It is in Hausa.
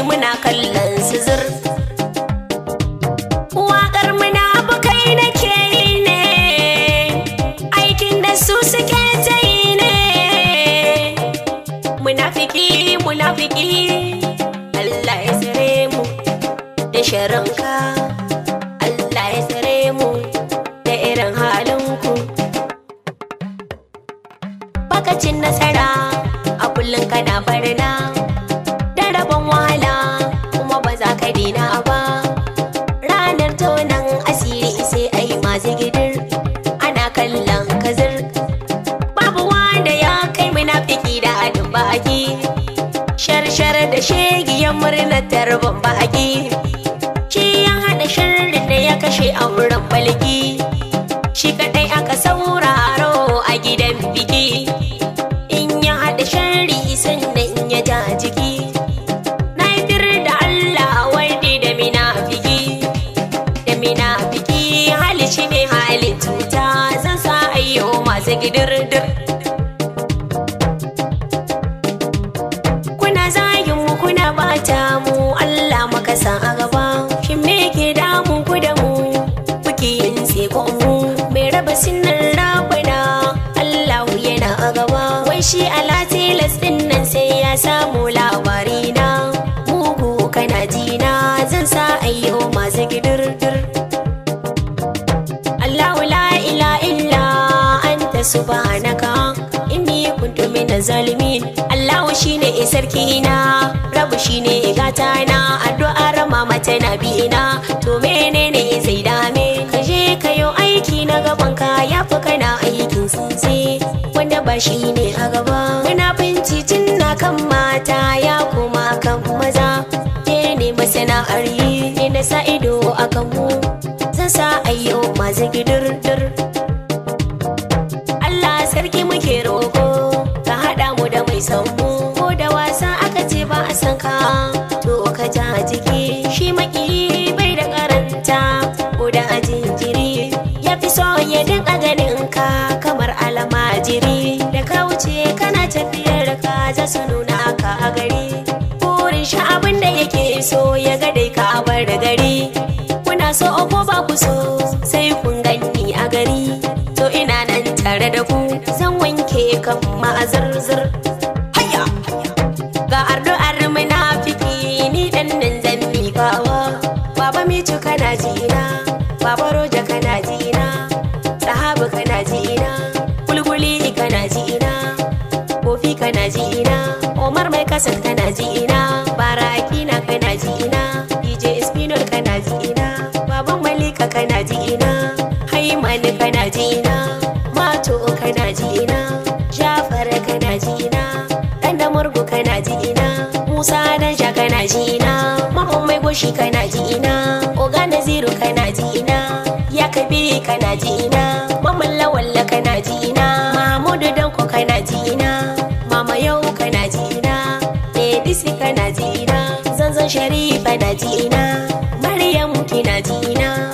ciki muna kallon su zir waƙar muna abokai yi ne aikin da su suke ta yi ne munafiki munafiki Allah ya tsere mu da sharanka digidir ana kallon kazir babu wanda ya kai munafiki da adin baki sharshar da shegiyan murnar tarban baki shi ya hada shirin da ya kashe a wurin cuta zan sa ayyo masu gidirdir kuna zagin mu kuna bata mu Allah makasa agaba. a gaba shin me ke damu ku da mu kuke yin sekon mu mai raba sinan rabana Allah yana a gaba wai shi ala tilas din nan sai ya samu labari subhanaka inni kuntu min zalimin Allah shine sarki na rabu shine gata na addu'a rama mata nabina to menene zai dame ka je kayo aiki na gaban ka yafi kana aikin sosai wanda ba shine a gaba muna bincicin na kan mata ya kuma kan maza ke ne masana'ar yi ne na sa ido akan mu zan sa ayyo masu daɗa ganin ka kamar almajiri da ka wuce kana tafiyar ka za su nuna ka a gari burin shi abin da yake so ya ga dai ka abar da gari kuna so ko ba ku so sai kun ganni a gari to ina nan tare da ku zan wanke kan ma'azarzar haya kasan kana ji ina baraki na kana ji ina dj Spino kana ji ina baban malika kana ji ina haimani kana ji ina mato kana ji ina jafar kana ji ina dan da murgu kana ji ina musa dan sha kana ji ina mahammai goshi kana ji ina oga naziru kana ji ina ya kana ji ina kina jina Maryam kina jina